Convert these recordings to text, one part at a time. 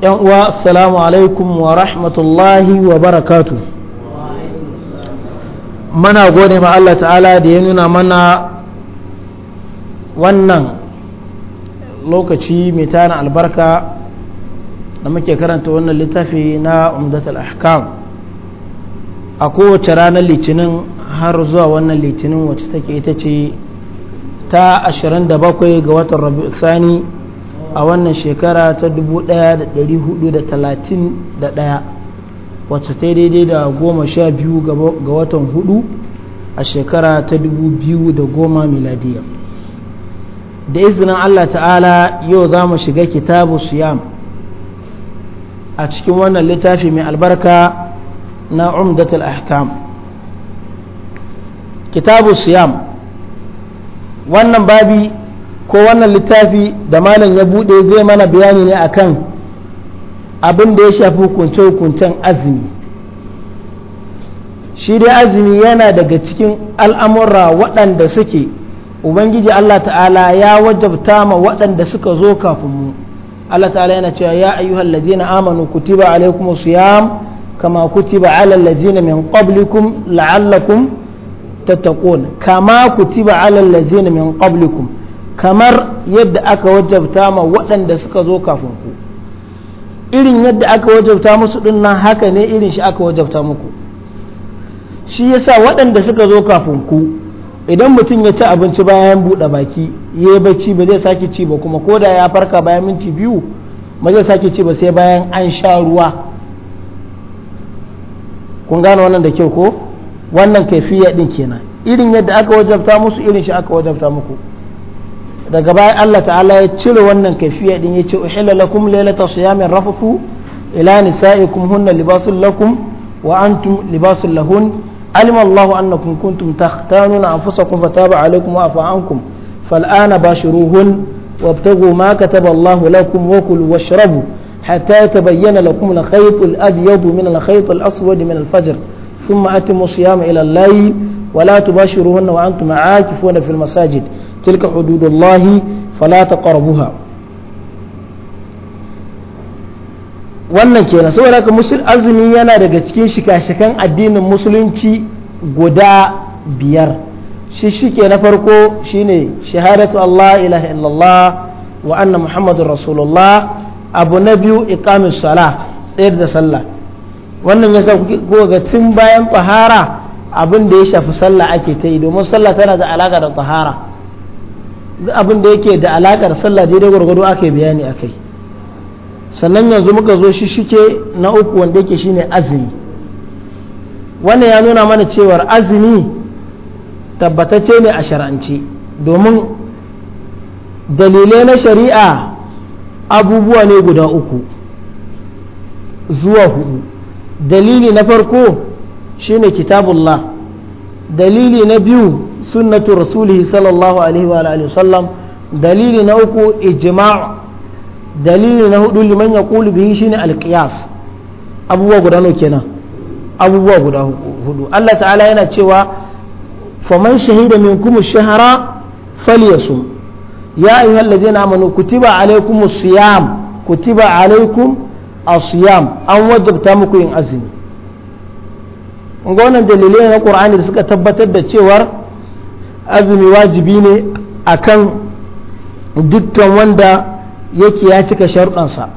yan uwa assalamu alaikum wa rahmatullahi wa barakatu mana gode ma Allah ta'ala da ya nuna mana wannan lokaci mai tana albarka da muke karanta wannan littafi na umdatal ahkam a kowace ranar litinin har zuwa wannan litinin wacce take ita ce ta 27 ga watan rabi'u sani a wannan shekara ta 1431 wacce ta daidai da goma sha biyu ga watan hudu a shekara ta 2010 miladiya da izinin Allah ta'ala yau za mu shiga kitabu siyam a cikin wannan littafi mai albarka na umdatul ahkam kitabu siyam wannan babi ko wannan littafi da malam ya buɗe zai mana bayani ne akan abin da ya shafi hukunce-hukuncen azumi shi dai azumi yana daga cikin al'amura waɗanda suke ubangiji Allah ta'ala ya wajabta ma waɗanda suka zo kafin mu Allah ta'ala yana cewa ya ayyuhal ladina amanu kutiba alaikum siyam kama kutiba ala ladina min qablikum la'allakum tattaqun kama kutiba ala ladina min qablikum kamar yadda aka wajabta ma waɗanda suka zo kafin ku irin yadda aka wajabta musu ɗin nan haka ne irin shi aka wajabta muku shi yasa waɗanda suka zo kafin ku idan mutum ya ci abinci bayan buɗe baki ya yi bacci ba zai sake ci ba kuma ko da ya farka bayan minti biyu ba zai sake ci ba sai bayan an sha ruwa kun gane wannan da kyau ko wannan kaifiya din kenan irin yadda aka wajabta musu irin shi aka wajabta muku daga baya Allah ta'ala ya cire wannan kafiya din ya ce uhilla lakum laylata siyamin rafafu ila nisaikum hunna libasul lakum علم الله أنكم كنتم تختانون أنفسكم فتاب عليكم وعفى عنكم فالآن باشروهن وابتغوا ما كتب الله لكم وكلوا واشربوا حتى يتبين لكم الخيط الأبيض من الخيط الأسود من الفجر ثم أتموا صيام إلى الليل ولا تباشروهن وأنتم عاكفون في المساجد ilka hududullahi fala taqrabuha wannan kenan saboda haka musul azumi yana daga cikin shika-shikan addinin musulunci guda biyar shi shike na farko shine shahadatu Allah ilaha illallah wa anna muhammadur rasulullah abu na biyu ikamin sala tsayar da sallah wannan yasa kuke ga tun bayan tsahara abin da ya shafi sallah ake ta yi domin sallah tana da alaka da tsahara. abin da yake da alakar sallah daidai gwargwado aka yi bayani a kai sannan yanzu muka zo shi shike na uku wanda yake shine azumi wannan ya nuna mana cewar azumi tabbatacce ne a shar'ance domin dalilai na shari'a abubuwa ne guda uku zuwa hudu dalili na farko shine kitabullah dalili na biyu sunnatu rasulihi sallallahu alaihi wa alihi wasallam dalili na uku ijma' dalili na hudu liman yaqulu bihi shine alqiyas abubuwa guda nawa kenan abubuwa guda hudu Allah ta'ala yana cewa faman shahida minkum ash-shahra falyasum ya ayyuhalladhina amanu kutiba alaykumus siyam kutiba alaykum as-siyam an wajabta muku yin azumi ga wannan dalilai na Qur'ani da suka tabbatar da cewar azumi wajibi ne a kan dukkan wanda yake ya cika sharuɗansa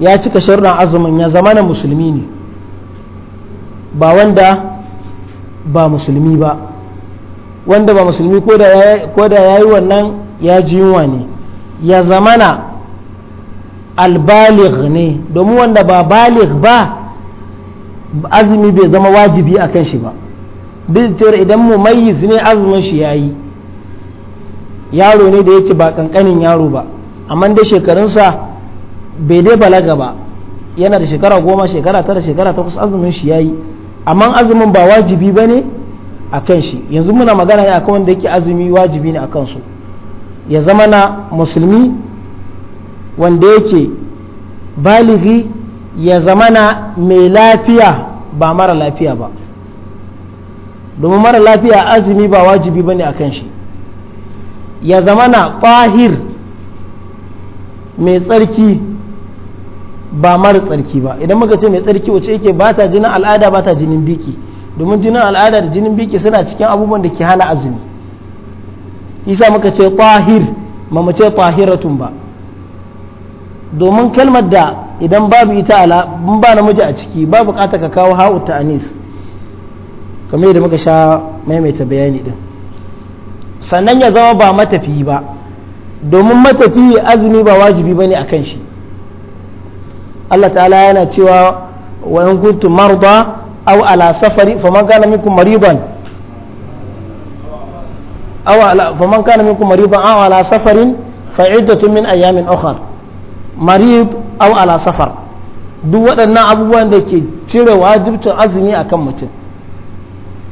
ya cika sharuɗan azumin ya zama na musulmi ne ba wanda ba musulmi ba wanda ba musulmi ko da ya yi wannan ya ji yunwa ne ya zama na albalig ne domin wanda ba balig ba azumi bai zama wajibi a kan shi ba duk idan mu mumayyiz ne azumin shi ya yi yaro ne da ya ce ba kankanin yaro ba amma da shekarunsa bai dai balaga ba yana da shekara goma shekara tara shekara takwas azumin shi ya yi amma azumin ba wajibi ba ne a kan shi yanzu muna magana ne akan wanda yake azumi wajibi ne a kansu ya zama na musulmi wanda yake baligi ya zama na mai lafiya ba mara lafiya ba domin mara lafiya azumi ba wajibi bane akan shi ya zama na ƙwahir mai tsarki ba mara tsarki ba idan muka ce mai tsarki wace yake ba ta jinin al'ada ba ta jinin biki domin jinin al'ada da jinin biki suna cikin abubuwan da ke hana azumi isa muka ce ƙwahir ba mu ce ƙwahiratun ba domin kalmar da idan babu ita ala ba namiji a ciki ba bukata ka kawo ha'u anis. kamar yadda muka sha maimaita bayani din sannan ya zama ba matafiyi ba domin matafiyi azumi ba wajibi ba ne a kan shi Allah ta'ala yana cewa wa in kuntum marda aw ala safari faman kana minkum maridan aw ala faman kana minkum maridan aw ala safarin fa iddatun min ayamin ukhra marid aw ala safar duk waɗannan abubuwan da ke cire wajibcin azumi akan mutum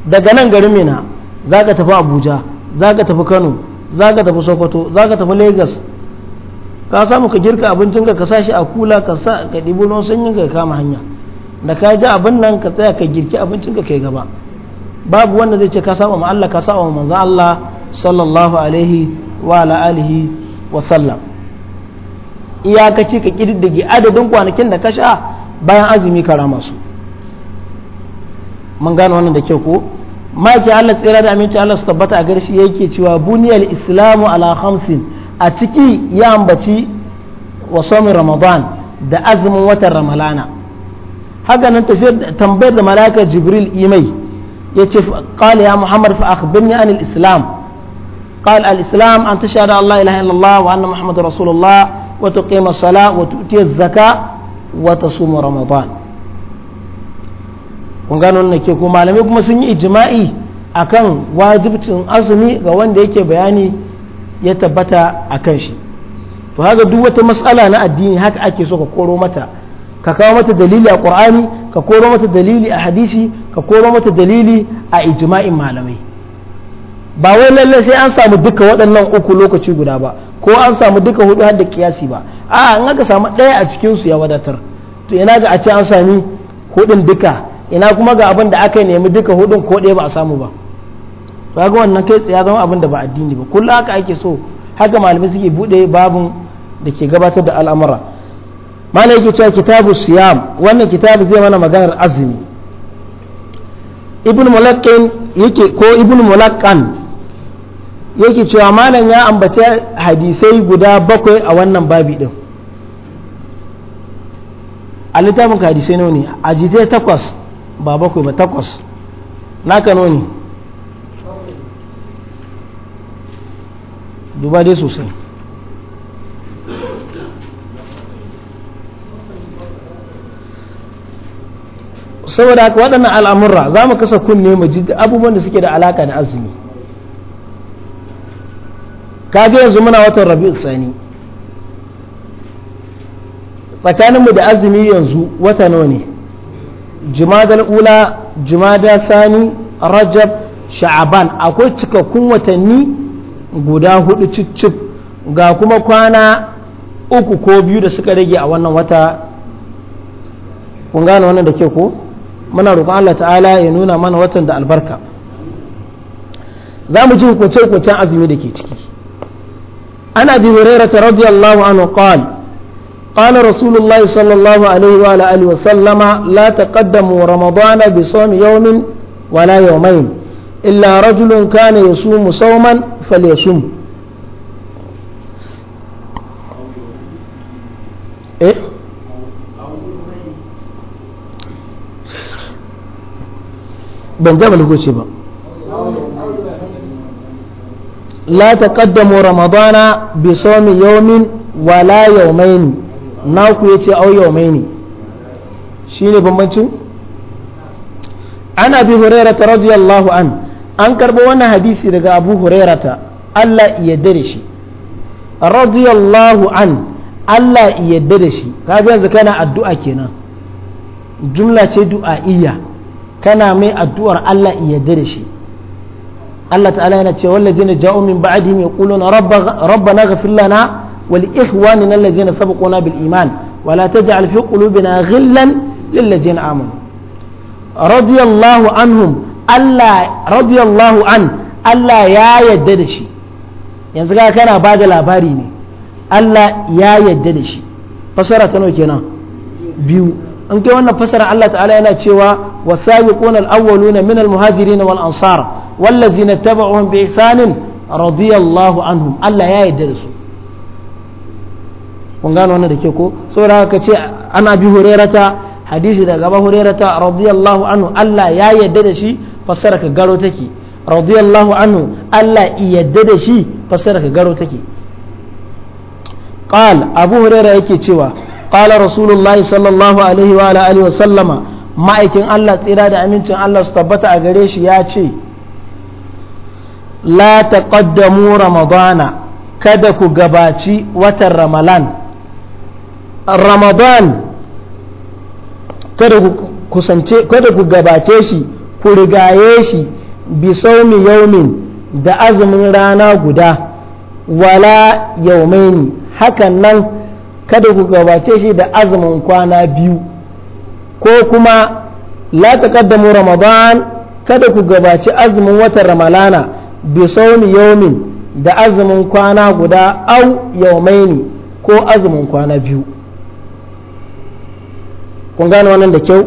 daga nan garin mina za ka tafi abuja za ka tafi kano za ka tafi sokoto za ka tafi lagos ka samu ka girka abincinka ka sashi a kula ka sa ka ɗibi ruwan sanyin ka kama hanya da ka ji abin nan ka tsaya ka girki abincinka kai gaba babu wanda zai ce ka sa ma Allah ka saba manzo Allah sallallahu alaihi wa ala alihi wa sallam iyakaci ka kididdige adadin kwanakin da ka sha bayan azumi ka rama su mun gano wannan da kyau ko maki Allah tsira da aminci Allah su tabbata a garshi yake cewa buniyal islamu ala hamsin a ciki ya ambaci wa ramadan da azumin watan ramalana haka nan tafiyar tambayar da malaka jibril imai ya ce qala ya muhammad fa akhbirni anil islam قال الإسلام أن تشهد أن لا إله إلا الله وأن محمد رسول الله وتقيم الصلاة وتؤتي الزكاة وتصوم رمضان kun gano wannan ke ko malamai kuma sun yi ijma'i akan wajibcin azumi ga wanda yake bayani ya tabbata a kan shi to haka duk wata matsala na addini haka ake so ka koro mata ka kawo mata dalili a qur'ani ka koro mata dalili a hadisi ka koro mata dalili a ijma'in malamai ba wai lalle sai an samu duka waɗannan uku lokaci guda ba ko an samu duka hudu har da kiyasi ba a'a an aka samu ɗaya a cikin su ya wadatar to ina ga a ce an sami hudun duka ina kuma ga abin da aka nemi duka hudun ko ɗaya ba a samu ba to ga wannan kai ya zama abin da ba addini ba kullum haka ake so haka malamai suke bude babun da ke gabatar da al'amura malai yake cewa kitabu siyam wannan kitabu zai mana maganar azumi ibn mulakkin yake ko ibn mulakkan yake cewa malam ya ambace hadisai guda bakwai a wannan babi din a littafin hadisai ne a takwas ba bakwai ba takwas na kano ne duba dai sosai saboda haka waɗannan al'amurra za mu kasa kunne mu ji abubuwan da suke da alaka da azumi kaji yanzu muna watan rabi'u tsani tsakaninmu da azumi yanzu wata nawa ne jumada ula jumada sani rajab sha'aban akwai cikakkun watanni guda hudu cicif ga kuma kwana uku ko biyu da suka rage a wannan wata kun gane wannan da ke ko muna roƙon Allah ta'ala ya nuna mana watan da albarka za mu ji hukunce-hukuncen azumi da ke ciki ana bi hurairata radiyallahu anhu qala قال رسول الله صلى الله عليه وعلى آله وسلم لا تقدموا رمضان بصوم يوم ولا يومين إلا رجل كان يصوم صوما فليصوم إيه؟ بنجاب الكوتشي لا تقدموا رمضان بصوم يوم ولا يومين naku ya ce mai ne shi ne bambancin ana bi hurairata radiyallahu an an karbi wannan hadisi daga abu hurairata Allah ya dare shi radiyallahu an Allah ya da shi biya zaka kana addu'a kenan jumla ce du'a'iyya kana mai addu'ar Allah ya da shi Allah ta'ala yana cewa wallazina ja'u min ba'dihim yaquluna rabbana ghfir lana ولإخواننا الذين سبقونا بالإيمان ولا تجعل في قلوبنا غلا للذين آمنوا رضي الله عنهم ألا رضي الله عن ألا يا يددشي yanzu ga kana ba da labari ne Allah ya yadda da shi fasara ta kenan biyu an kai wannan fasara Allah ta'ala yana cewa wasabiquna al-awwaluna min al wal ansar wallazina bi ihsanin radiyallahu anhu Allah ya yadda da kun gano wannan da ke ko saboda haka ce ana bi hurairata hadisi daga ba hurairata radiyallahu anhu Allah ya yadda da shi fassara ka garo take radiyallahu anhu Allah i yadda da shi fassara ka garo take qal abu huraira yake cewa qala rasulullahi sallallahu alaihi wa alihi wa sallama ma'aikin Allah tsira da amincin Allah su tabbata a gare shi ya ce la taqaddamu ramadana kada ku gabaci watan ramalan ramadan kada ku kusance kada ku gabace shi ku rigaye shi bi saumi yaumin da azumin rana guda wala yaumaini hakan nan kada ku gabace shi da azumin kwana biyu ko kuma la taqaddamu ramadan kada ku gabaci azumin watan ramalana bi saumi yaumin da azumin kwana guda au yaumaini ko azumin kwana biyu kun gane wannan da kyau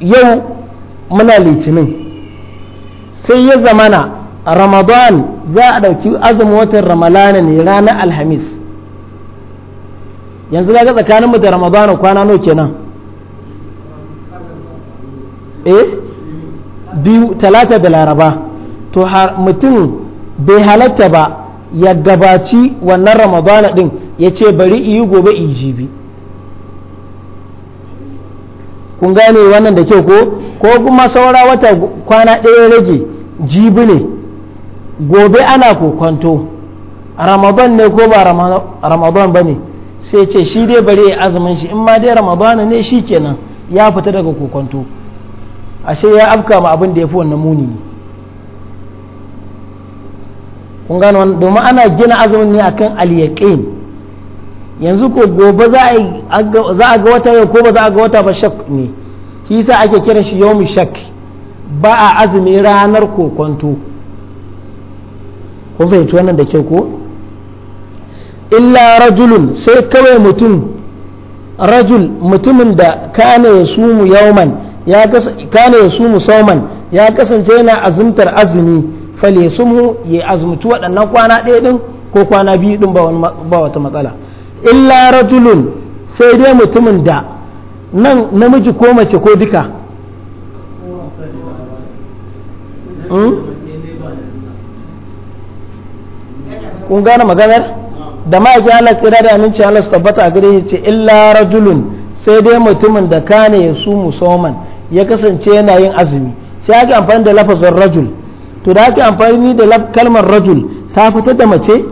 yau muna litinin sai ya zamana ramadan za a ɗauki azumin watan ramalana ne ranar alhamis yanzu ga tsakanin mu da ramadan kwana nawa kenan eh biyu talata da laraba to mutum bai halatta ba ya gabaci wannan ramadana din ya ce bari iyi gobe iji jibi kun gane wannan da kyau ko ko kuma saura wata kwana ɗaya rage jibi ne gobe ana kokonto ramadan ne ko ba ramadan ba ne sai ce shi dai bari ya azumin shi in ma dai ramadan ne shi kenan ya fita daga kokonto ashe ya afka ma abin da ya fi wannan muni kun gane wannan domin ana gina azumin ne akan aliyakin yanzu ko gobe za a ga wata ko ba za a ga wata ba shak ne shi yasa ake kiran shi yawmi shak ba a azumi ranar kokonto kun fahimci wannan da ke ko illa rajulun sai kawai mutum rajul mutumin da kana ya sumu yawman ya kana ya sumu sauman ya kasance yana azumtar azumi fale sumu ya azumci waɗannan kwana ɗaya ɗin ko kwana biyu ɗin ba wata matsala illa rajulun sai dai mutumin da nan namiji ko mace ko duka hmm? kun gane maganar da ma ji Allah tsira da aminci Allah su tabbata a gare ce illa rajulun sai dai mutumin da kane ya su musamman ya kasance yana yin azumi sai ake amfani da lafazin rajul to da ake amfani da kalmar rajul ta fitar da mace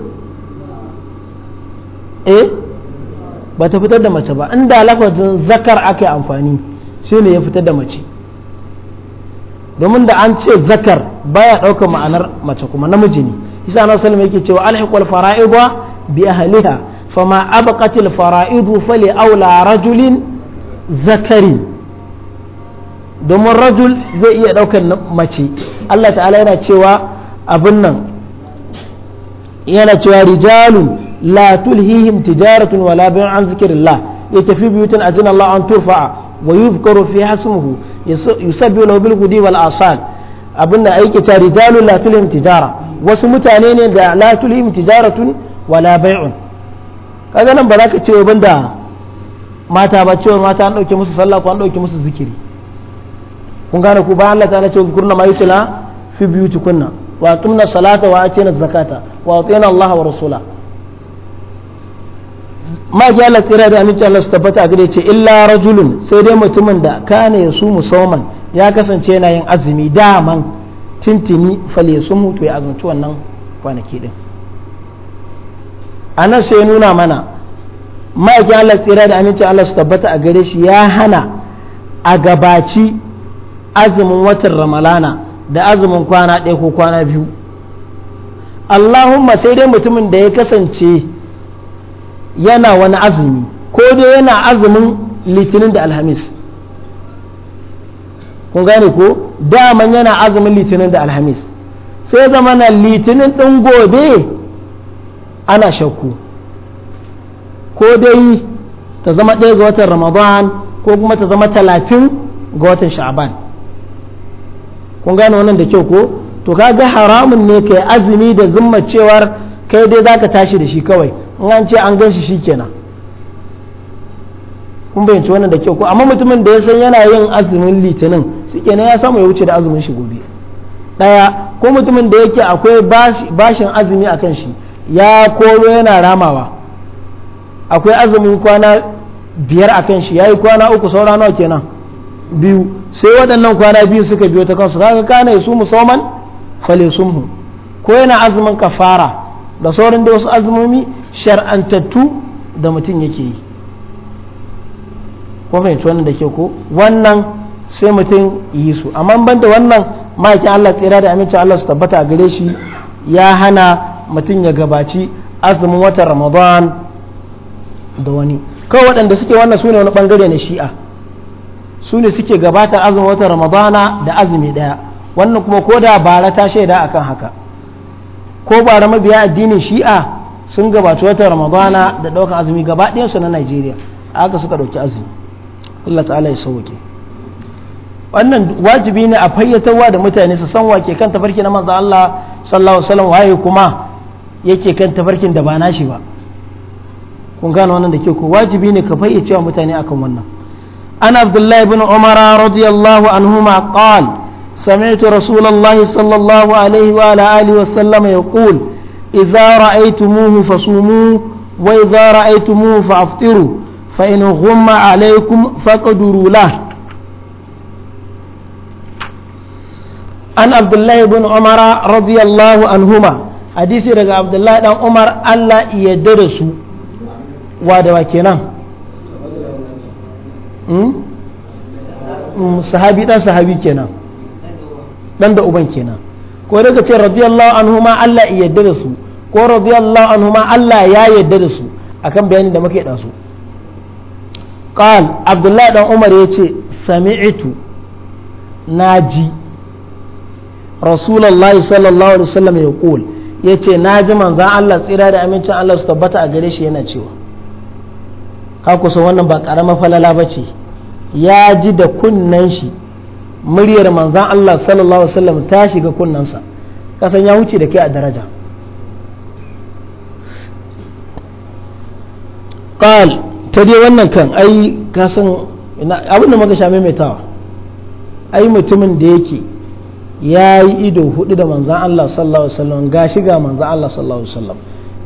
eh ba ta fitar da mace ba inda lafazin zakar ake amfani shi ne ya fitar da mace domin da an ce zakar baya ɗaukar ma'anar mace kuma namiji ne isa na salim yake cewa alhiqul fara'idu bi ahliha fama abqatil fara'idu fali aula rajulin zakari domin rajul zai iya ɗaukar mace Allah ta'ala yana cewa abin nan yana cewa rijalun la tulhihim tijaratun wala bai'un an zikrillah yatafi buyutan ajina Allah an turfa'a wa yuzkaru fi hasmuhu yusabbihu lahu bil ghudi wal asal abinda aike ta rijalun la tulhihim tijara wasu mutane ne da la tulhihim tijaratun wala bai'un kaga nan ba za ka ce da mata ba cewa mata an dauke musu sallah ko an dauke musu zikiri kun gane ku bayan Allah ta ce kurna ma yusla fi buyutikunna wa tumna salata wa atina zakata wa atina Allah wa rasula ma ji Allah tsira da aminci Allah su tabbata a gare ce illa rajulun sai dai mutumin da kana ya su musamman ya kasance yana yin azumi daman tintini fale su mutu ya azumci wannan kwanaki din anan sai nuna mana ji Allah tsira da aminci Allah su tabbata a gare shi ya hana a gabaci azumin watan ramalana da azumin kwana ɗaya ko kwana biyu Allahumma sai dai mutumin da ya kasance yana wani azumi ko dai yana azumin litinin da alhamis kun gane ko daman yana azumin litinin da alhamis sai zama na litinin ɗin gobe ana shakku ko dai ta zama ɗaya ga watan ramadan ko kuma ta zama talatin ga watan sha'aban kun gane wannan da kyau ko to kaga haramun ne ka azumi da zumma cewar kai dai zaka tashi da shi kawai in an ce an gan shi shikenan kun bayyance wannan da kyau ko amma mutumin da ya san yana yin azumin litinin shikenan ya samu ya wuce da azumin shi gobe ɗaya ko mutumin da yake akwai bashin azumi akan shi ya koro yana ramawa akwai azumin kwana biyar akan shi ya yi kwana uku sauran nawa kenan biyu sai waɗannan kwana biyu suka biyo ta kansu kaga kana su musamman fale sumhu ko yana azumin kafara da sauran da wasu azumomi shar'antattu da mutum yake yi ko fahimci wannan da ke ko wannan sai mutum yi su amma ban da wannan ma'aikin Allah tsira da amincin Allah su tabbata a gare shi ya hana mutum ya gabaci azumin watan Ramadan da wani kawai waɗanda suke wannan su ne wani ɓangare na shi'a su ne suke gabatar azumin watan Ramadana da azumi ɗaya wannan kuma ko da bara ta shaida akan haka ko bara mabiya addinin shi'a sun gabaci watan ramadana da ɗaukar azumi gaba su na najeriya aka suka ɗauki azumi allah ta'ala ya sauke wannan wajibi ne a fayyatarwa da mutane su san wake kan tafarki na manzo Allah sallallahu alaihi wasallam waye kuma yake kan tafarkin da ba nashi ba kun gane wannan da ke ko wajibi ne ka fayyace wa mutane akan wannan an abdullahi ibn umara radiyallahu anhuma qal سمعت رسول sallallahu alaihi wa عليه وعلى آله وسلم يقول إذا رأيتموه فصوموا وإذا رأيتموه فأفطروا فإن غم عليكم فقدروا له عن عبد الله بن عمر رضي الله عنهما حديث رجع عبد الله بن عمر ألا يدرسوا وادوا كنا صحابي dan صحابي kenan dan da uban ko daga ce radiyallahu anhuma Allah ya yarda da su ko radiyallahu anhuma Allah ya yarda da su akan bayanin da muke dan su qal abdullahi dan umar yace sami'tu naji rasulullahi sallallahu alaihi wasallam ya qul yace naji manzon Allah tsira da amincin Allah su tabbata a gare shi yana cewa ka kusa wannan ba karama falala bace ya ji da kunnen shi muryar manzan Allah sallallahu alaihi wasallam ta shiga kunnansa kasan ya wuce da ke a daraja ƙal ta dai wannan kan ai kasan abin da muka sha maimaitawa ai mutumin da yake ya yi ido hudu da manzan Allah sallallahu alaihi wasallam ga shiga manzan Allah sallallahu alaihi wasallam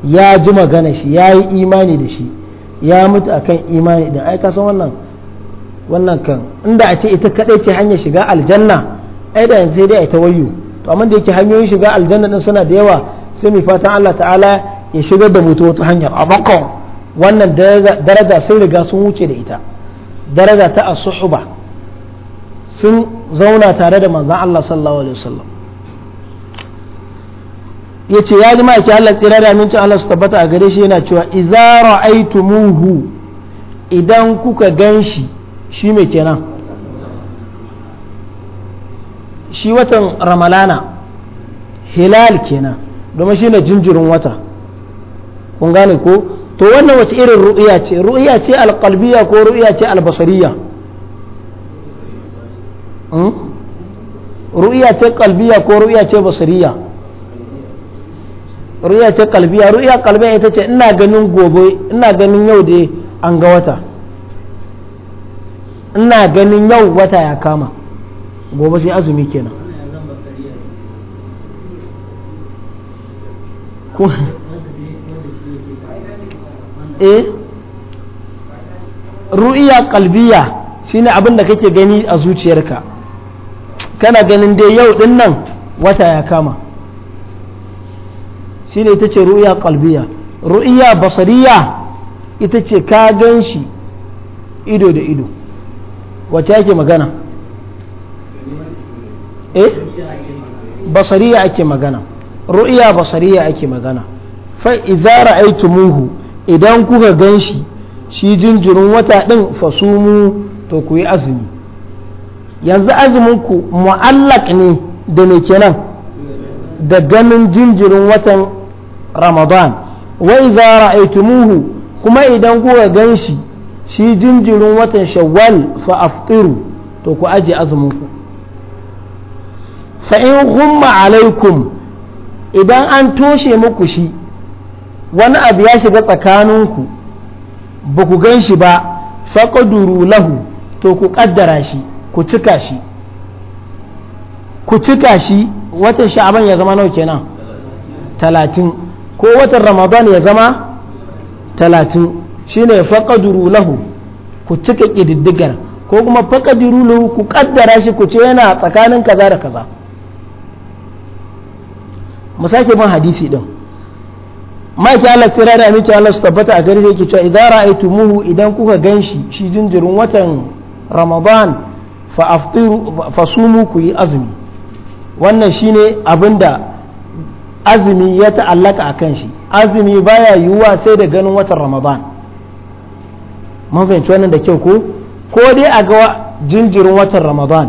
ya ji magana shi ya yi imani da shi ya mutu akan imani da ai kasan wannan wannan kan inda a ce ita kadai ce hanyar shiga aljanna ai da yanzu sai dai ta wayo to amma da yake hanyoyin shiga aljanna din suna da yawa sai mu fatan Allah ta'ala ya shigar da mutu wata hanyar abakon wannan daraja sun riga sun wuce da ita daraja ta as-suhba sun zauna tare da manzon Allah sallallahu alaihi wasallam yace ya ji ki Allah tsira da Allah su tabbata a gare shi yana cewa idza ra'aytumuhu idan kuka ganshi shi mai kenan shi watan ramalana hilal kenan domin shi ne jinjirin wata kun gane ko to wannan wace irin ru'iya ce ru'iya ce alƙalbiya ko ru'iya ce albasariya hmm? ru'iya ce kalbiya ko ru'iya ce basariya ru'iya ce kalbiya ru'iya kalbiya ita ce ina ganin gobe ina ganin yau da an ga wata ina ganin yau wata ya kama gobe sai azumi kenan eh ru'iya kalbiya shine abin da kake gani a zuciyarka kana ganin dai yau din nan wata ya kama shine ita ce ru'iya kalbiya ru'iya basariya ita ce ka gan shi ido da ido wacce ake magana eh basariya ake magana ru'iya basariya ake magana fa idza ra'aytumuhu idan kuka ganshi shi jinjirin wata din fasumu to ku yi azumi yanzu azumin ku mu'allaq ne da ne kenan da ganin jinjirin watan ramadan wa idza ra'aytumuhu kuma idan kuka ganshi shi jinjirin watan shawwal fa aftiru to ku aje azumin ku fa in humma alaikum idan an toshe muku shi wani abu ya shiga tsakaninku ba ku gan shi ba faƙaduru lahu to ku ƙaddara shi ku cika shi ku cika shi watan sha'aban ya zama nawa kenan talatin ko watan ramadan ya zama talatin shine faqaduru lahu ku cika ƙididdigar ko kuma faqaduru lahu ku ƙaddara shi ku ce yana tsakanin kaza da kaza mu sake bin hadisi din ma ki Allah sai da miki Allah su tabbata a gare yake cewa idan ra'aytumuhu idan kuka ganshi shi jinjirin watan Ramadan fa aftiru fa sumu ku yi azumi wannan shine abinda azumi ya ta'allaka akan shi azumi baya yiwuwa sai da ganin watan Ramadan mun fahimci wannan da kyau ko ko dai a ga jinjirin watan ramadan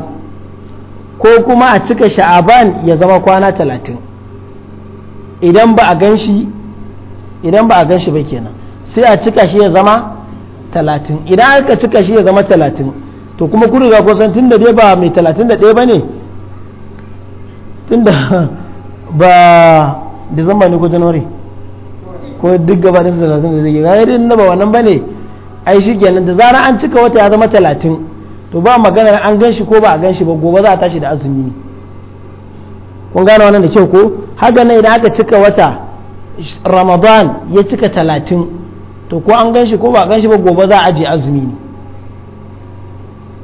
ko kuma a cika sha'aban ya zama kwana talatin idan ba a gan shi idan ba a gan shi ba kenan sai a cika shi ya zama talatin idan aka cika shi ya zama talatin to kuma kun riga kusan tun da dai ba mai talatin da ɗaya ba ne tun da ba disamba ne ko januari ko duk gabanin talatin da zai yi ga yadda ba wannan ba ne ai shi kenan da zara an cika wata ya zama talatin to ba maganar an gan shi ko ba a gan shi ba gobe za a tashi da azumi ne kun gane wannan da kyau ko haka ne idan aka cika wata ramadan ya cika talatin to ko an gan shi ko ba a gan shi ba gobe za a aje azumi ne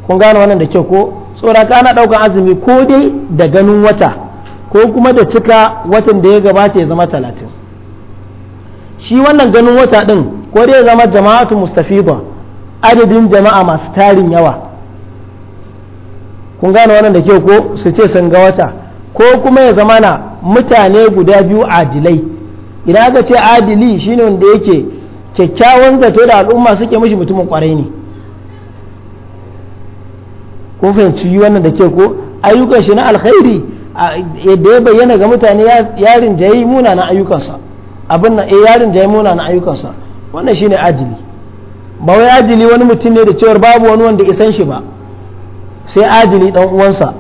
kun gane wannan da kyau ko tsoraka ana ɗaukar azumi ko dai da ganin wata ko kuma da cika watan da ya gabata ya zama talatin shi wannan ganin wata ɗin ko dai zama jama'atu mustafida adadin jama'a masu tarin yawa kun gane wannan da ke ko su ce sun ga wata ko kuma ya zama na mutane guda biyu adilai idan aka ce adili shine wanda yake kyakkyawan zato da al'umma suke mishi mutumin kwarai ne kun fahimci yi wannan da ke ko ayyukan shi na alkhairi yadda ya bayyana ga mutane yarin jayi munanan ayyukansa abin eh, yarin jayi munanan ayyukansa wannan shine adili ba wai adili wani mutum ne da cewar babu wani wanda isan shi ba sai adili dan uwansa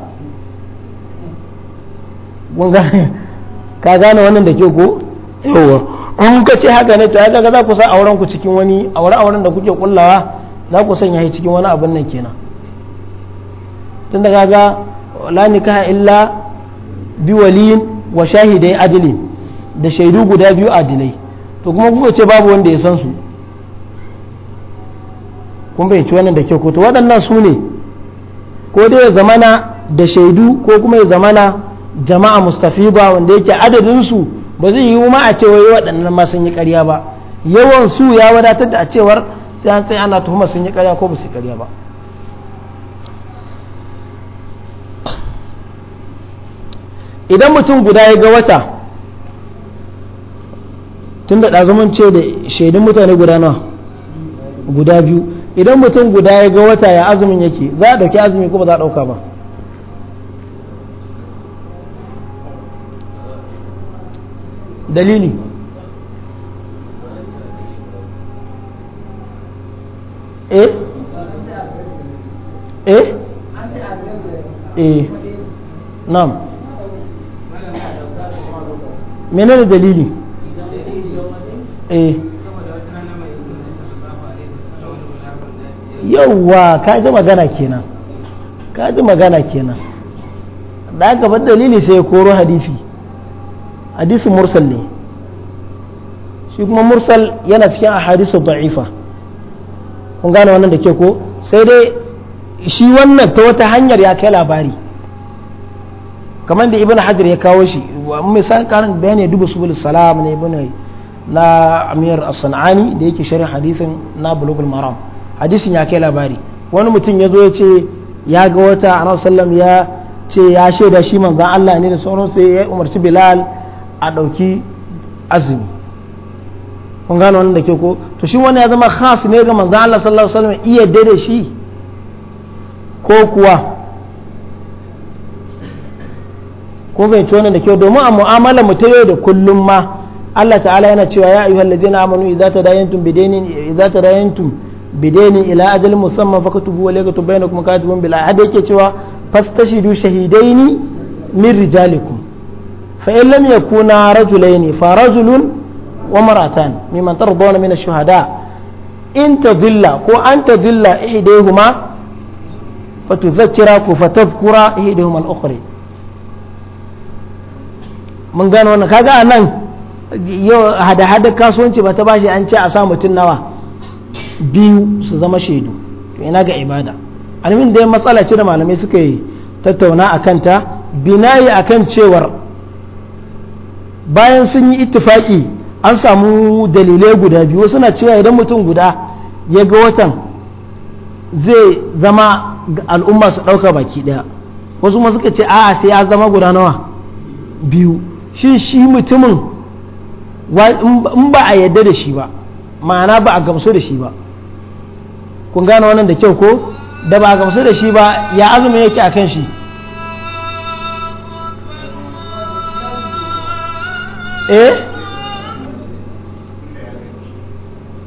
ka gane wannan da ke ko yawa in ka ce haka ne to ya kaga za ku sa auren ku cikin wani aure auren da kuke kullawa za ku sanya shi cikin wani abin nan kenan tun da kaga la nikaha illa bi waliyin wa shahidai adilin da shaidu guda biyu adilai to kuma kuka ce babu wanda ya san su kun ci wannan da kyau to waɗannan su ne ko dai ya zamana da shaidu ko kuma ya zamana jama'a mustafiba wanda yake adadin su ba zai yi ma a cewa waɗannan ma sun yi ƙarya ba yawan su ya wadatar da a cewar sai an tsaye ana tuhuma sun yi ƙarya ko ba su yi ƙarya ba idan mutum guda ya ga wata tun da ɗazuman ce da shaidun mutane guda nawa guda biyu idan mutum guda ya ga wata ya azumin yake za a ɗauki azumi ko ba za a ɗauka ba dalili eh eh eh nam menene dalili Eh. yauwa ka ji magana kenan ka ji magana kenan da aka bar dalili sai ya koro hadisi hadisin mursal ne shi kuma mursal yana cikin ahadisu da'ifa kun gane wannan da ke ko sai dai shi wannan ta wata hanyar ya kai labari kamar da ibn hajar ya kawo shi wa mai sa karin bayani dubu subul salam ne ibn na amir as-sanani da yake sharhin hadisin na bulugul maram hadisin ya kai labari wani mutum ya zo ya ce ya ga wata anas sallam ya ce ya shaida shi manzon Allah ne da sauran sai ya umarci bilal a dauki azumi kun gano wannan da ke ko to shi wani ya zama khas ne ga manzon Allah sallallahu alaihi wasallam iya dade shi ko kuwa ko bai tona da ke domin a mu'amala mu ta yau da kullum ma Allah ta'ala yana cewa ya ayyuhal ladina amanu idza tadayantum bidainin idza tadayantum bidainin ila ajal musamman fakatubu wa laqatu bainakum katibun bil ahad yake cewa fastashidu shahidaini min rijalikum fa in lam yakuna rajulaini fa rajulun wa mar'atan mimman tardawna min ash-shuhada in tadilla ko an tadilla ihdayhuma fatudhakkira ku fatadhkura ihdayhuma al-ukhra mun gano wannan kaga anan yau hada-hada kasuwanci ba ta bashi an ce a sa mutum nawa biyu su zama shaidu to ina ga ibada da ya matsala ce da malamai suka yi tattauna a kanta binayi a kan cewar bayan sun yi ittifaki an samu dalilai guda biyu suna cewa idan mutum guda ya ga watan zai zama al'umma su ɗauka baki ɗaya wasu ma suka ce a'a sai ya zama guda nawa biyu shi shi mutumin in ba a yadda da shi ba ma'ana ba a gamsu da shi ba kun gane wannan da kyau ko da ba a gamsu da shi ba ya azumin yake a kan shi eh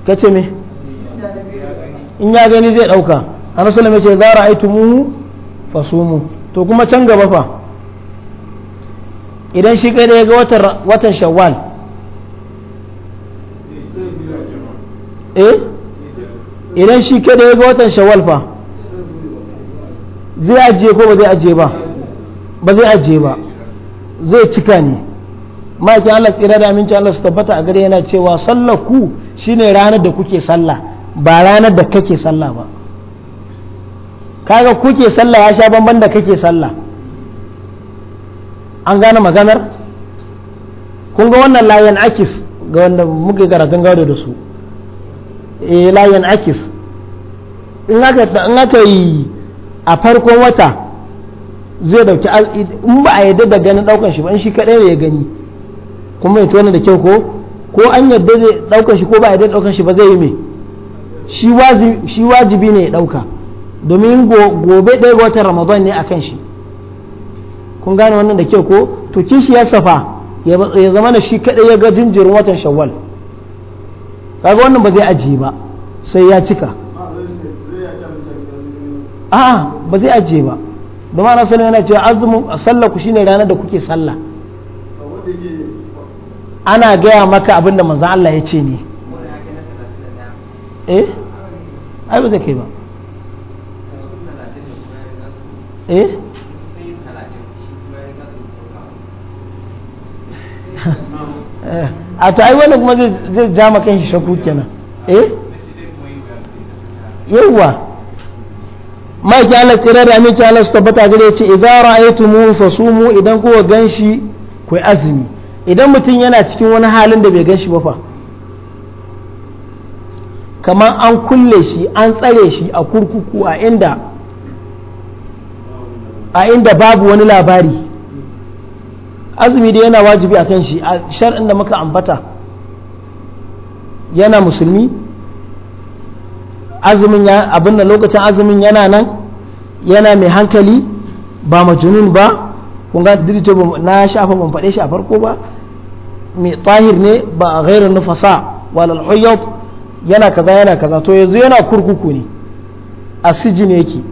ka ce me in ya gani zai dauka a rasulun ya ce za ra'aitu muhu fasumu to kuma can gaba fa idan shi kai da ya ga watan shawwal eh idan shi kada ya ga watan shawwal fa zai ajiye ko ba zai ajiye ba ba zai ajiye ba zai cika ne ma'aikin Allah tsira da aminci Allah su tabbata a gare yana cewa sallar ku shine ranar da kuke sallah ba ranar da kake sallah ba kaga kuke sallah ya sha bamban da kake sallah an gane maganar kun ga wannan layan akis ga wanda muke karatun gado da su eh la yan'akis in aka in aka yi a farkon wata zai dauki in ba a yadda da ganin daukan shi ba in shi kadai ne ya gani kuma ya tona da kyau ko ko an yadda da daukan shi ko ba a yadda da daukan shi ba zai yi me shi wajibi ne ya dauka domin gobe ɗaya ga watan ramadan ne a kan shi kun gane wannan da kyau ko to kishi ya safa ya zama na shi kadai ya ga jinjirin watan shawwal kaga wannan ba zai ajiye ba sai ya cika a'a ba zai ajiye ba da ma'ana sallah yana cewa azumin sallah ku shine ranar da kuke sallah ana gaya maka abin da manzan Allah ya ce ne eh ai ba zai kai ba eh Yeah. a ta yi wani kuma zai ja maka shi shaku kenan eh yawa mai ki Allah tsira da aminci Allah su tabbata gare ce idan ra'aytumu fasumu idan kuwa ganshi ku azumi idan mutum yana cikin wani halin da bai ganshi ba fa kamar an kulle shi an tsare shi a kurkuku a inda a inda babu wani labari azumi da yana wajibi a kan shi a shar'in da muka ambata yana musulmi azumin ya abin lokacin azumin yana nan yana mai hankali ba majunun ba kun ga na shafa ban faɗe shi a farko ba mai tsahir ne ba a ghairu nufasa wal huyat yana kaza yana kaza to yanzu yana kurkuku ne asiji ne yake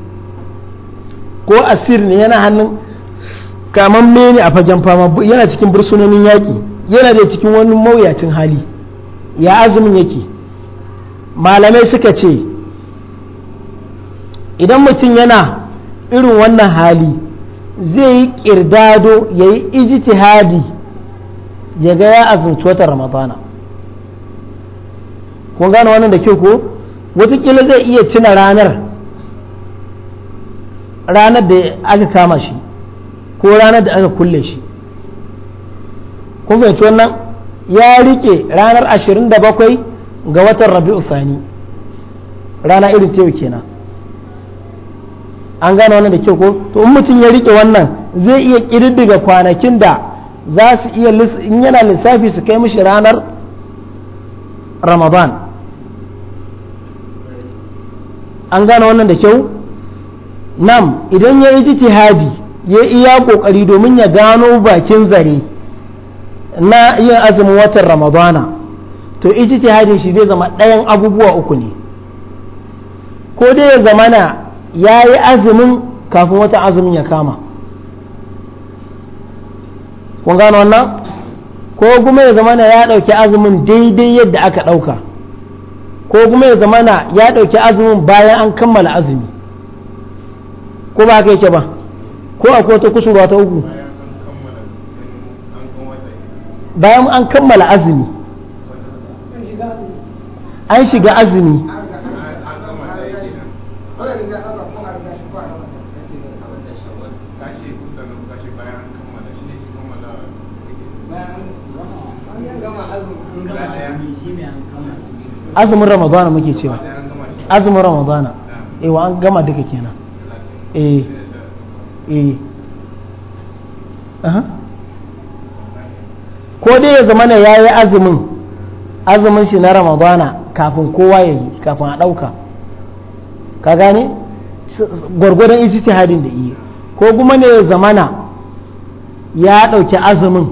ko asir ne yana hannun kamamme ne a fagen fama yana cikin bursunonin yaƙi yana da cikin wani mawuyacin hali ya azumin yake malamai suka ce idan mutum yana irin wannan hali zai yi kirdado ya yi ijtihadi ya ga ya azumci watan ramadana kun gane wannan da kyau ko watakila zai iya tuna ranar ranar da aka kama shi ko ranar da aka kulle shi kun fahimci wannan ya rike ranar 27 ga watan rabi'u thani rana irin ta kenan an gane wannan da kyau ko to in mutum ya rike wannan zai iya kididdiga kwanakin da za su iya in yana lissafi su kai mishi ranar ramadan an gane wannan da kyau nam idan ya yi jitihadi ya iya kokari domin ya gano bakin zare na yin azumin watan ramadana to ijtihadin shi zai zama ɗayan abubuwa uku ne ko dai ya zama na ya yi azumin kafin watan azumin ya kama kun gano wannan ko kuma ya zama na ya ɗauki azumin daidai yadda aka ɗauka ko kuma ya zama na ya ɗauki azumin bayan an kammala azumi ko ba ka yake ba ko akwai wata kusurwa ta uku bayan an kammala azumi an shiga azumi azumin ramadana muke cewa azumin ramadana ewa an gama duka kenan eh Eh. ko dai ya zama na ya yi azumin azumin shi na ramadana kafin kowa ya yi kafin a ɗauka ka gane gwargwadon hadin da iya ko kuma ne ya zama na ya ɗauki azumin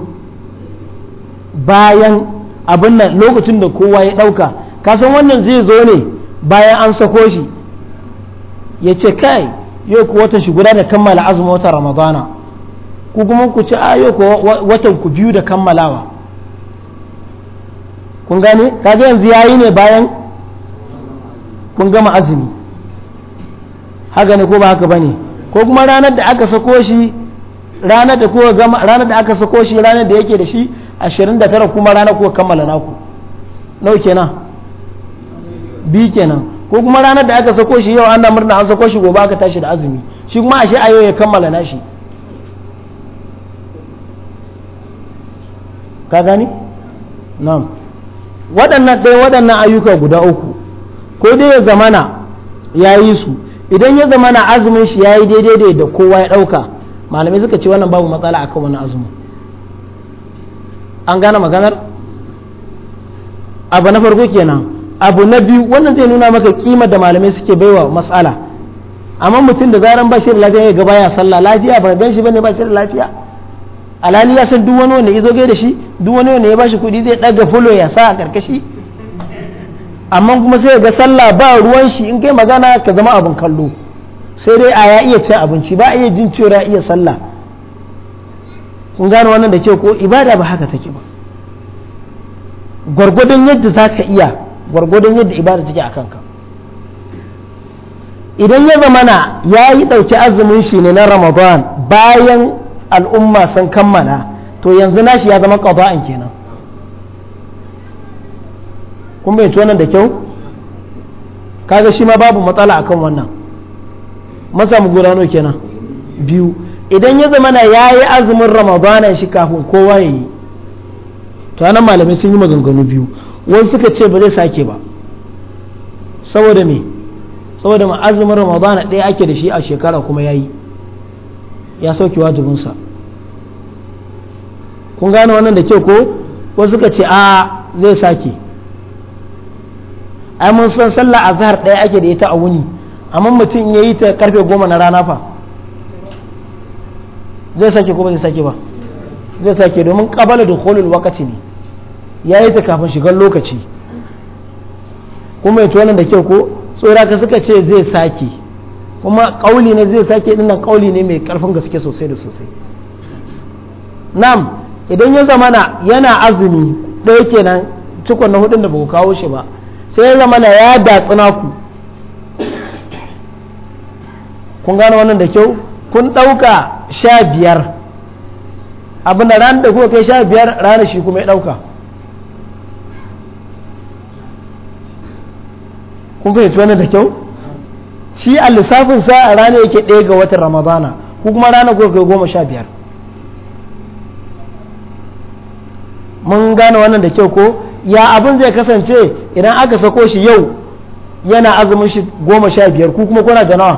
bayan abin nan lokacin da kowa ya ɗauka kasan wannan zai zo ne bayan an sako shi ya ce kai yau ku watan shi guda da kammala azumin watan ramadana ku kuma ku ci a yau ku watan ku biyu da kammalawa kun gane kaga yanzu yayi ne bayan kun gama azumi haka ne ko ba haka bane ko kuma ranar da aka sako shi ranar da kuka gama ranar da aka sako shi ranar da yake da shi 29 kuma ranar kuka kammala naku nau kenan bi kenan ko kuma ranar da aka sako shi yau an da murna an sako shi gobe aka tashi da azumi shi kuma ashe a yau ya kammala nashi ka gani na'am waɗannan dai waɗannan ayyuka guda uku ko dai ya zamana ya yi su idan ya zamana azumin shi ya yi daidai da kowa ya ɗauka malamai suka ce wannan babu matsala akan wani azumin an gane maganar abu na farko kenan abu na biyu wannan zai nuna maka kima da malamai suke baiwa matsala amma mutum da zaran bashi da lafiya ya gaba ya sallah lafiya ba gan shi bane ba shi da lafiya alani ya san duk wani wanda ya zo da shi duk wani wanda ya bashi kuɗi zai ɗaga fulo ya sa a karkashi amma kuma sai ga sallah ba ruwan shi in kai magana ka zama abin kallo sai dai a ya iya cin abinci ba iya jin cewa iya sallah kun gane wannan da ke ko ibada ba haka take ba gwargwadon yadda za ka iya gwargwadon yadda ibada take a kanka idan ya na ya yi ɗauki azumin shi ne na ramadan bayan al'umma sun kammala to yanzu nashi ya zama ƙaba'in kenan kun bai nan da kyau kaga shi ma babu matsala akan wannan masa mu gudano kenan biyu idan ya na ya yi azumin ramadan shi kafin kowa ya yi to anan malamai sun yi maganganu biyu wasu suka ce ba zai sake ba saboda me saboda ma azumin ramadana ɗaya ake da shi a shekara kuma yayi ya sauke wajibinsa kun gane wannan da kyau ko wasu suka ce a zai sake ai mun san sallah azhar ɗaya ake da ita a wuni amma mutum ya yi ta karfe goma na rana fa zai sake ko ba zai sake ba zai sake domin kabala da kolul wakati ne ya yi ta kafin shigar lokaci kuma ya wannan da kyau ko tsora ka suka ce zai sake kuma kauli ne zai sake nan kauli ne mai karfin gaske sosai da sosai nam idan ya zama na yana azumi ɗaya kenan cikon na hudun da ba ku kawo shi ba sai ya zama na ya datsuna ku kun gano wannan da kyau kun ɗauka sha biyar abin ranar da kuka kai sha biyar ranar shi kuma ya ɗauka kun fahimci wannan da kyau shi a lissafin sa a rana yake ɗaya ga watan ramadana ko kuma rana kuka goma sha biyar mun gane wannan da kyau ko ya abin zai kasance idan aka sako shi yau yana azumin shi goma sha biyar ku kuma kuna da nawa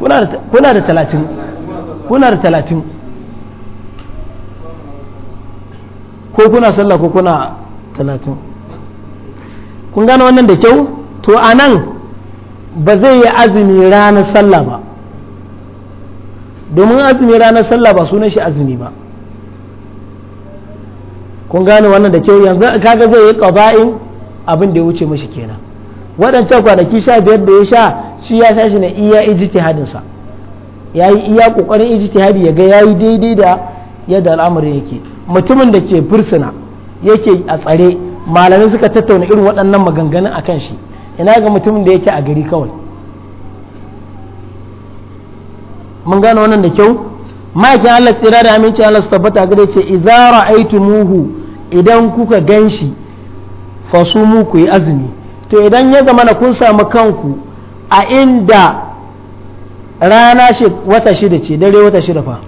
kuna da talatin kuna da talatin ko kuna sallah ko kuna talatin kun gane wannan da kyau to a nan ba zai yi azumi ranar sallah ba domin azumi ranar sallah ba sunan shi azumi ba kun gane wannan da kyau yanzu kaga zai yi ƙaba'in abin da ya wuce mashi kenan waɗancan kwanaki sha biyar da ya sha shi ya sha shi na iya ijtihadinsa ya yi iya ƙoƙarin ijtihadi ya ga ya yi daidai da yadda al'amarin yake mutumin da ke fursuna yake a tsare malamai suka tattauna irin waɗannan maganganun a kan shi ina ga mutumin da ya ce a gari kawai mun gane wannan da kyau ma'aikin Allah tsira da aminci Allah su tabbata ga ce idza ra'aytumuhu idan kuka ganshi fasumu ku yi azumi to idan ya zama na kun samu kanku a inda rana wata shida ce dare wata shida fa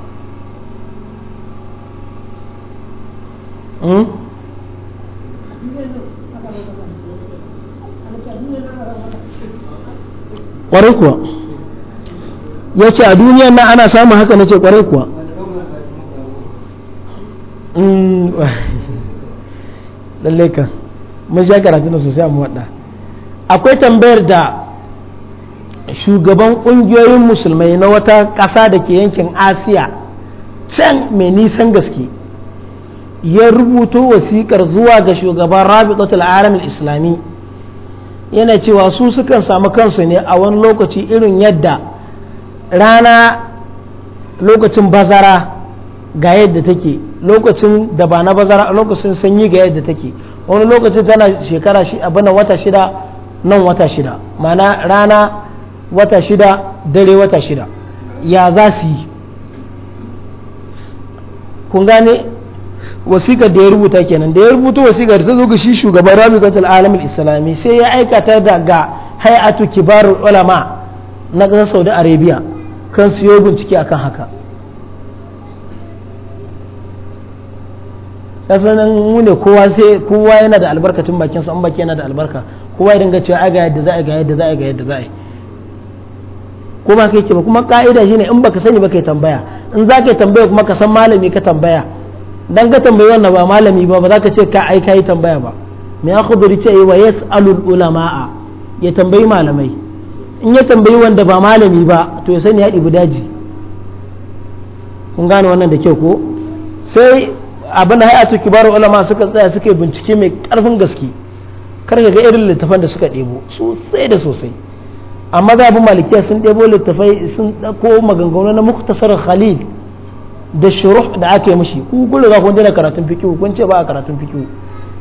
hmm? kwarai kuwa ya ce a duniyan nan ana samun haka na ce kwarai kuwa ɗalleka hmm. mun sha karatu na sosai amma wadda akwai tambayar da shugaban ƙungiyoyin musulmai na wata ƙasa da ke yankin asiya can mai nisan gaske ya rubuto wasiƙar zuwa ga shugaban rabitatul alam islami yana cewa su sukan samu kansu ne a wani lokaci irin yadda rana lokacin bazara ga yadda take lokacin da ba na bazara lokacin sanyi ga yadda take wani lokacin tana shekara shi abin wata shida nan wata shida mana rana wata shida dare wata shida ya za su yi kun gane wasikar da ya rubuta kenan da ya rubuta wasikar ta zo ga shi shugaban rabiqatul alamul islami sai ya aikata da ga hay'atu kibarul ulama na ƙasar saudi arabia kan siyo bincike akan haka kasanin mu ne kowa sai kowa yana da albarkacin bakin sa an baki yana da albarka kowa ya dinga cewa aga yadda za a ga yadda za a ga yadda za a yi ko ba kai ke ba kuma ka'ida shine in baka sani ba kai tambaya in za ka tambaya kuma ka san malami ka tambaya dan ka tambayi wannan ba malami ba ba za ka ce ka ai kai tambaya ba mai akhbari ce wa yas'alul ulama'a ya tambayi malamai in ya tambayi wanda ba malami ba to ya sani ya ɗibi daji kun gane wannan da kyau ko sai abin da hayatu kibar ulama suka tsaya suka bincike mai karfin gaske kar ka ga irin littafan da suka ɗebo sosai da sosai amma bi malikiya sun debo littafai sun ɗauko maganganu na muktasar khalil da shuruh da aka yi mishi ku kun za ku daina karatun fikihu kun ce ba a karatun fikihu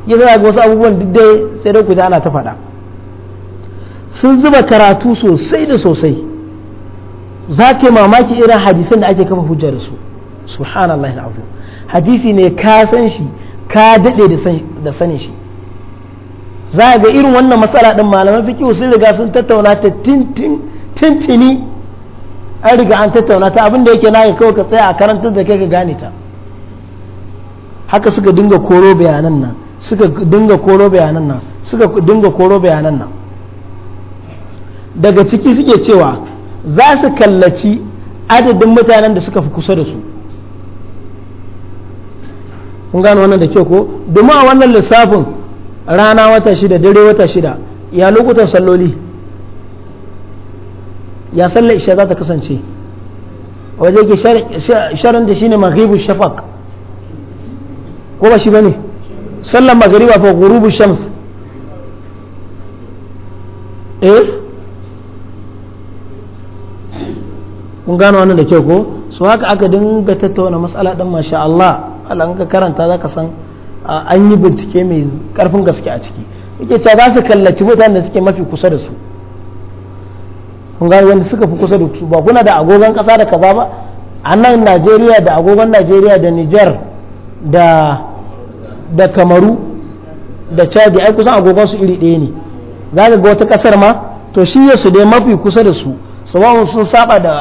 ya zama ga wasu abubuwan duk dai sai dai ku ji ana ta faɗa sun zuba karatu sosai da sosai za ka mamaki irin hadisan da ake kafa hujjar su subhanallah alazim hadisi ne ka san shi ka dade da sanin shi za ga irin wannan matsala din malaman fikihu sun riga sun tattauna ta tintini an riga an tattauna ta abin da yake naka kawai ka tsaya a karantar da kai ka gane ta haka suka dinga koro bayanan nan suka dinga koro bayanan nan suka dinga koro bayanan nan daga ciki suke cewa za su kallaci adadin mutanen da suka fi kusa da su kun gano wannan da kyau ko domin a wannan lissafin rana wata shida dare wata shida ya lokutan salloli ya sallar isha za ta kasance wajen ke sharan da shine maghribu shafak ko ba shi bane sallar maghriba fa ghurubu shams eh kun gano wannan da kyau ko su haka aka dinga tattauna matsala din masha Allah Allah ka karanta za ka san an yi bincike mai karfin gaske a ciki yake ta za su kallaci mutanen da suke mafi kusa da su kun gano wanda suka fi kusa da su ba kuna da agogon kasa da kaza ba a nan najeriya da agogon najeriya da niger da kamaru da chadi ai kusan agogon su iri ɗaya ne za ka ga wata kasar ma to shi ya su dai mafi kusa da su sabawun sun saba da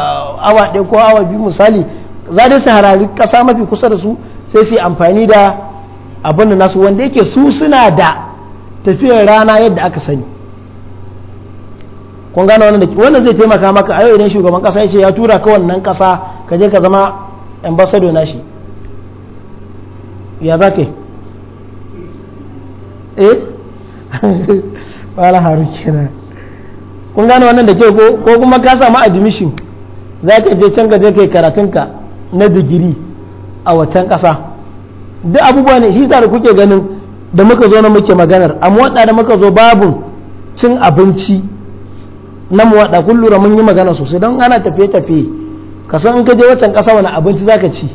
awa ɗaya ko awa biyu misali za dai su harari kasa mafi kusa da su sai su amfani da abin da nasu wanda yake su suna da tafiyar rana yadda aka sani kun gano wannan da wannan zai taimaka maka a yau idan shugaban kasa ya ce ya tura ka wannan kasa ka je ka zama ambassador shi ya za ke eh wala harun kenan kun gano wannan da ke ko kuma ka samu admission za ka je can ka je kai karatunka na digiri a waccan kasa duk abubuwa ne shi da kuke ganin da muka zo na muke maganar amma waɗanda muka zo babu cin abinci na mu wada kun lura mun yi magana sosai don ana tafiye-tafiye ka san in ka je wancan ƙasa wani abinci zaka ci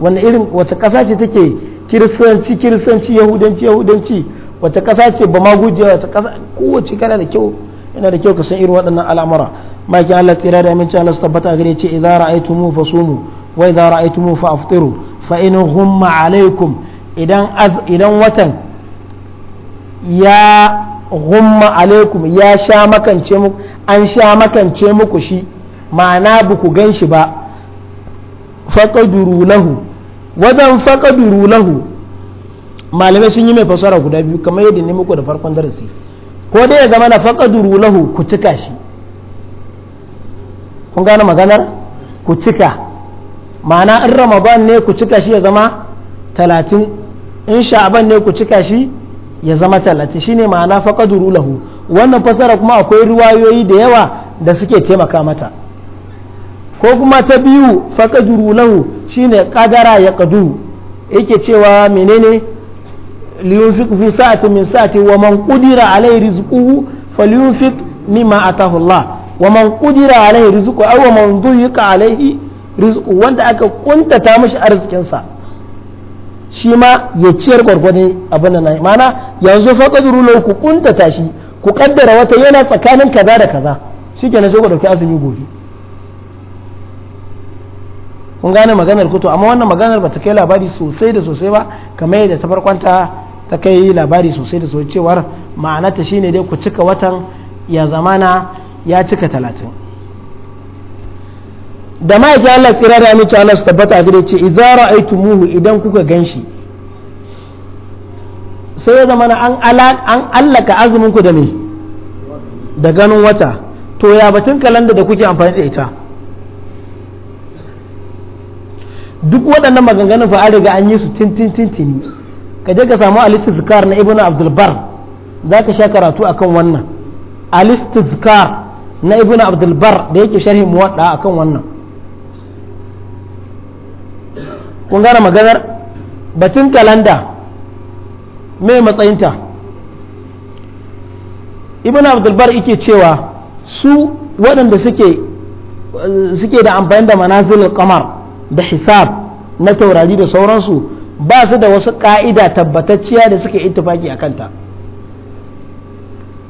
wani irin wata ƙasa ce take kiristanci kiristanci yahudanci yahudanci wata ƙasa ce ba ma gujewa wata ƙasa kowace kana da kyau yana da kyau ka san irin waɗannan al'amura maki Allah tsira da aminci Allah su tabbata gare ce idza ra'aytumu fasumu wa idza ra'aytumu fa aftiru fa in humma alaikum idan idan watan ya humma alaikum ya sha makance mu an sha makance muku shi ma'ana bu ku gan shi ba faqaduru lahu wajen faqaduru lahu malamai sun yi mai fasara guda biyu kamar yadda ne muku da farkon darasi ko dai ya zama na faqaduru lahu ku cika shi kun gane maganar ku cika ma'ana in ramadan ne ku cika shi ya zama talatin in sha'aban ne ku cika shi ya zama talatin shine ma'ana faqaduru lahu wannan fasara kuma akwai riwayoyi da yawa da suke taimaka mata ko kuma ta biyu faqaduru lahu shine qadara ya qadu yake cewa menene liyunfiq fi sa'atin min sa'ati wa man qudira alayhi rizquhu falyunfiq mimma atahu Allah wa man qudira alayhi rizquhu aw man dhuyqa alayhi rizquhu wanda aka kuntata mishi arzikin sa shi ma ya ciyar gwargwade abin da yi mana yanzu fa zuru ku kuntata tashi ku kaddara wata yana tsakanin kaza da kaza shi sai ku dauki azumi gobe kun gane maganar kuto amma wannan maganar ba ta kai labari sosai da sosai ba kamar yadda ta farkonta ta kai labari sosai da sosai cewar ma'anata shine dai ku cika watan ya zamana ya cika talatin da ma yake Allah tsira da amince Allah su tabbata a gare ce idza ra'aytumuhu idan kuka ganshi sai ya zama an an allaka azumin da me da ganin wata to ya batun kalanda da kuke amfani da ita duk waɗannan maganganun fa an an yi su tintin ka je ka samu al zikar na ibnu abdul bar ka sha karatu akan wannan al zikar na ibnu abdulbar bar da yake sharhi muwadda akan wannan kun gane maganar batun kalanda mai matsayinta ibn abdulbar yake cewa su waɗanda suke da amfani da manazilin kamar da hisab na taurari da sauransu ba su da wasu ƙa'ida tabbatacciya da suke ittifaki a kanta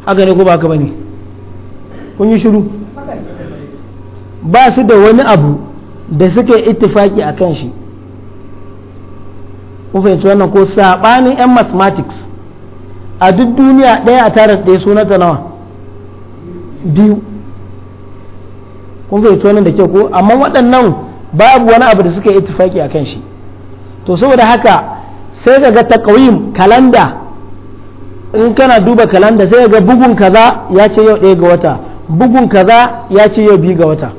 haka ne ko ba ka bane kun yi shiru ba su da wani abu da suke ittifaki a kan shi kun fahimci wannan ko sabanin 'yan mathematics a duk duniya ɗaya a tara ɗaya ta nawa biyu kun fahimci wannan da kyau ko amma waɗannan babu wani abu da suka yi tufaki a kan shi to saboda haka sai ka ga takawim kalanda in kana duba kalanda sai ga bugun kaza ya ce yau ɗaya ga wata bugun kaza ya ce yau biyu ga wata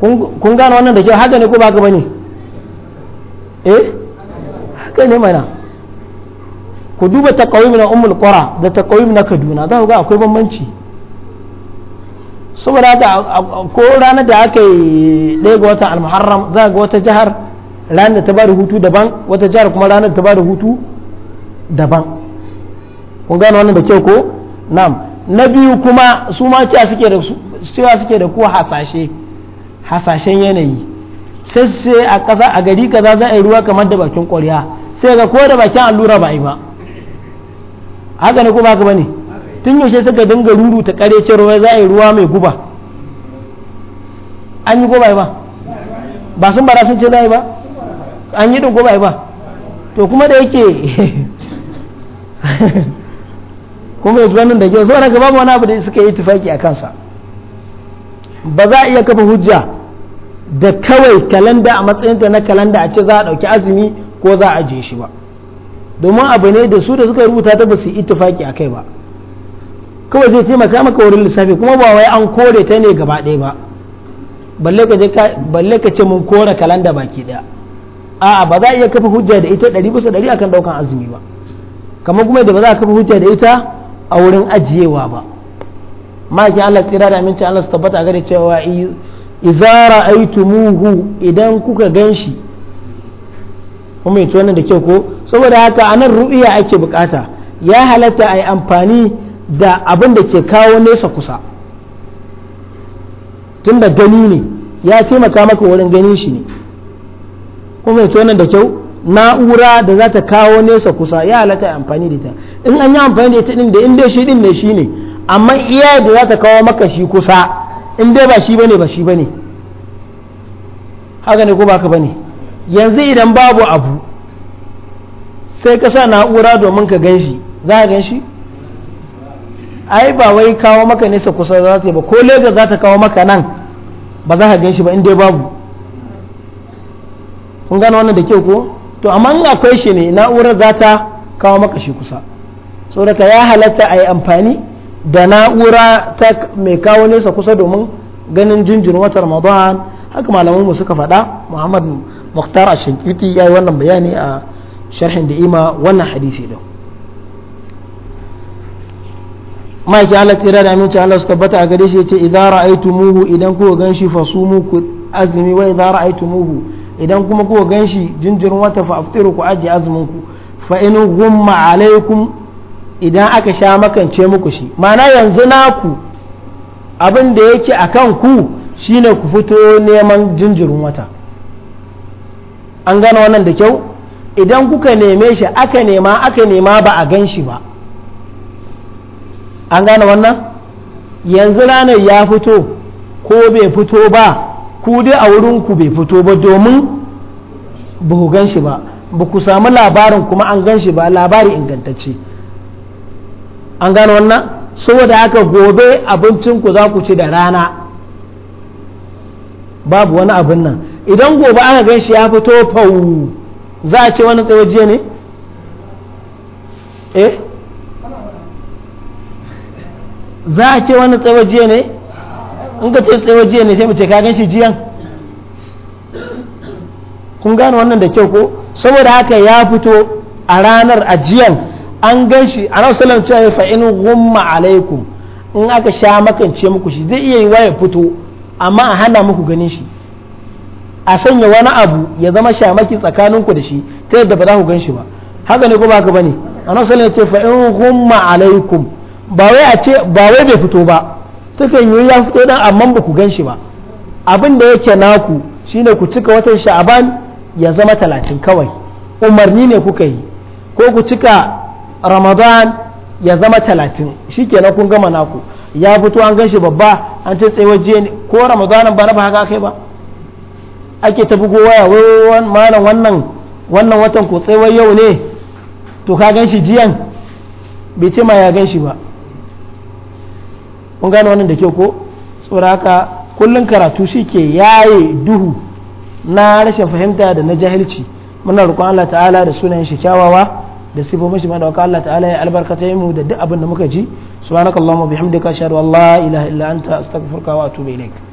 kun gane wannan da kyau haka ne ko ba ka bane eh haka ne mana ku duba taqawim na ummul qura da taqawim na kaduna za ku ga akwai bambanci saboda haka ko ranar da aka yi ɗaya ga watan almuharram za ga wata jihar ranar da ta ba da hutu daban wata jihar kuma ranar da ta ba da hutu daban kun gane wannan da kyau ko na'am na biyu kuma su ma cewa suke da cewa suke da ko hasashe hasashen yanayi sai sai a ƙasa a gari kaza za a yi ruwa kamar da bakin ƙwarya sai ga ko da bakin allura ba a yi ba haka ne ko ba ka ba ne tun yaushe suka dinga ruru ta ƙare ruwa za a yi ruwa mai guba an yi ko ba yi ba ba sun bara sun ce za a yi ba an yi ɗin ko ba yi ba to kuma da yake kuma yanzu wannan da ke so na gaba wani abu da suka yi tufaki a kansa ba za a iya kafa hujja da kawai kalanda a matsayinta na kalanda a ce za a ɗauki azumi ko za a je shi ba domin abu ne da su da suka rubuta ta ba su ittifaki a kai ba kawai zai taimaka maka wurin lissafi kuma ba wai an kore ta ne gaba ɗaya ba balle ka ce mun kore kalanda baki ɗaya a'a ba za a iya kafa hujja da ita ɗari bisa ɗari akan ɗaukan azumi ba kamar kuma da ba za a kafa hujja da ita a wurin ajiyewa ba maki Allah tsira da aminci Allah su tabbata a gare cewa idza ra'aytumuhu idan kuka ganshi kuma yace wannan da kyau ko saboda haka anan ru'iya ake bukata ya halatta ai amfani da abin da ke kawo nesa kusa tunda gani ne ya taimaka maka wurin ganin shi ne kuma yace wannan da kyau na'ura da za ta kawo nesa kusa ya halatta amfani da ita in an yi amfani da ita din da inda shi din ne shi ne amma iya da za ta kawo maka shi kusa in dai ba shi bane ba shi bane haka ne ko ba ka bane yanzu idan babu abu sai ka sa na'ura domin ka gan shi za ka gan shi ai ba wai kawo maka nesa kusa za ta yi ba ko lagos za ta kawo maka nan ba za ka gan shi ba in dai babu kun gane wannan da kyau ko to amma in akwai shi ne na'urar za ta kawo maka shi kusa saboda ya halatta a yi amfani da na'ura ta mai kawo nesa kusa domin ganin jinjin watan ramadan haka mu suka faɗa muhammad muktar a shankiti ya yi wannan bayani a sharhin da ima wannan hadisi da ma'aiki allah tsira da aminci allah su tabbata a gare shi ya ce idan ra'aitu muhu idan kuka gan ku azumi wa idan ra'aitu muhu idan kuma kuka ganshi shi jinjin wata fa aftiru ku ajiye azumin ku fa in gumma alaikum idan aka sha makance muku shi mana yanzu naku abin da yake a kan ku shine ku fito neman jinjirin wata an gano wannan da kyau idan kuka neme shi aka nema aka nema ba a gan shi ba an gane wannan yanzu ranar ya fito ko bai fito ba ku dai a wurinku bai fito ba domin ba ku gan shi ba ba ku sami labarin kuma an gan shi ba labari ingantacce an gano wannan saboda haka gobe abincinku za ku ci da rana babu wani abin nan idan gobe aka gan shi ya fito fau za a ce wani tsawajiya ne eh za a ce wani tsawajiya ne in ka ce tsawajiya ne sai mu ce ka gan shi jiyan kun gano wannan da kyau ko saboda haka ya fito a ranar ajiyan an gan shi a nan salam cewa ya fa'in gumma alaikum in aka sha makance muku shi zai iya yi ya fito amma a hana muku ganin shi a sanya wani abu ya zama shamaki tsakaninku da shi ta yadda ba za ku gan shi ba haka ne ko ba ka bane a nan salam ce fa'in gumma alaikum ba wai a ce ba wai bai fito ba suka yi ya fito dan amma ba ku gan shi ba abin da yake naku shine ku cika watan sha'aban ya zama talatin kawai umarni ne kuka yi ko ku cika ramadan ya zama talatin shi kenan kun gama naku ya fito an gan shi babba an ta tsaye waje ne ko ramadanan ba na ba haka kai ba ake ta bugo waya wai wannan wannan watan ko tsaye yau ne to ka gan shi jiyan bai ce ma ya gan shi ba kun gane wannan da ke ko tsora haka kullum karatu shi ke yaye duhu na rashin fahimta da na jahilci muna roƙon Allah ta'ala da sunayen shi kyawawa da sifofin shi madawaka Allah ta'ala ya albarkata mu da duk abin da muka ji subhanakallahumma bihamdika ashhadu an la ilaha illa anta astaghfiruka wa atubu ilaik